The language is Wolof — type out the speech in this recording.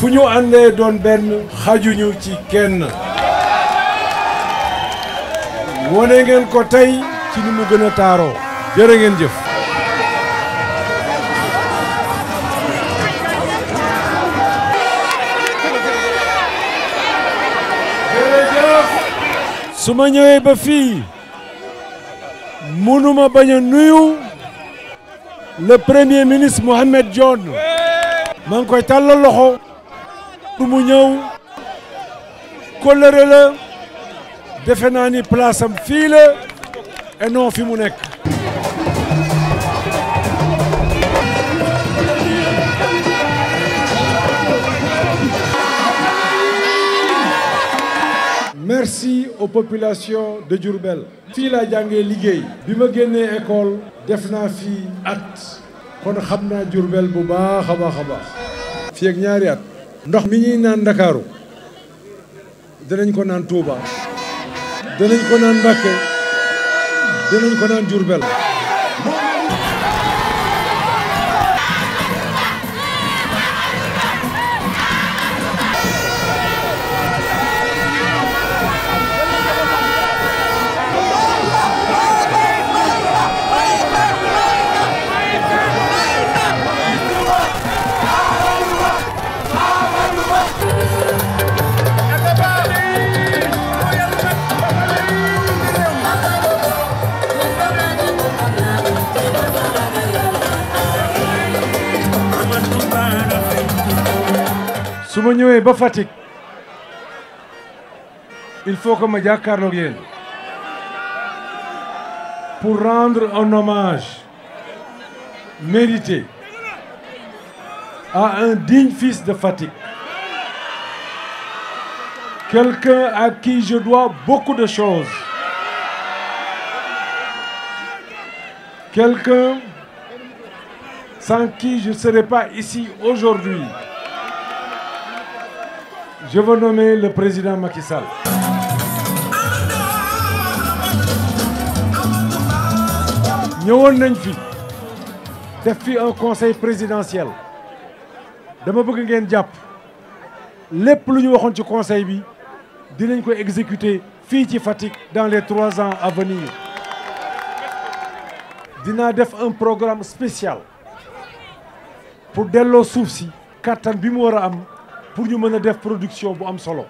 fuñu andé don doon benn xajuñu ci kenn woné ngeen ko tay ci ni mu gën a taaroo ngeen jëf suma ñëwé ba fi mënuma baña nuyu le premier ministre Mohamed John mang koy talal loxo du mu ñëw kóllëre la defe naa ni place am fii la et non fi mu nekk. merci aux populations de Djourbel. fii laa jàngee liggéey. bi ma génnee école def naa fii at kon xam naa Diourbel bu baax a baax a baax. fii ak ñaari at. ndox mi ñuy naan ndakaaru danañ ko naan Touba danañ ko naan Mbacké danañ ko naan Diourbel ba il faut que ma pour rendre un hommage mérité à un digne fils de Fatik, quelqu'un à qui je dois beaucoup de choses quelqu'un sans qui je ne serais pas ici aujourd'hui je veux nommer le président Macky Sall. Nous nañ fi un conseil présidentiel Je veux ngeen jàpp lépp lu ñu ci conseil bi exécuter dans les trois ans à venir allons def un programme spécial pour que les si kàttan bi pour ñu mën a def production bu am solo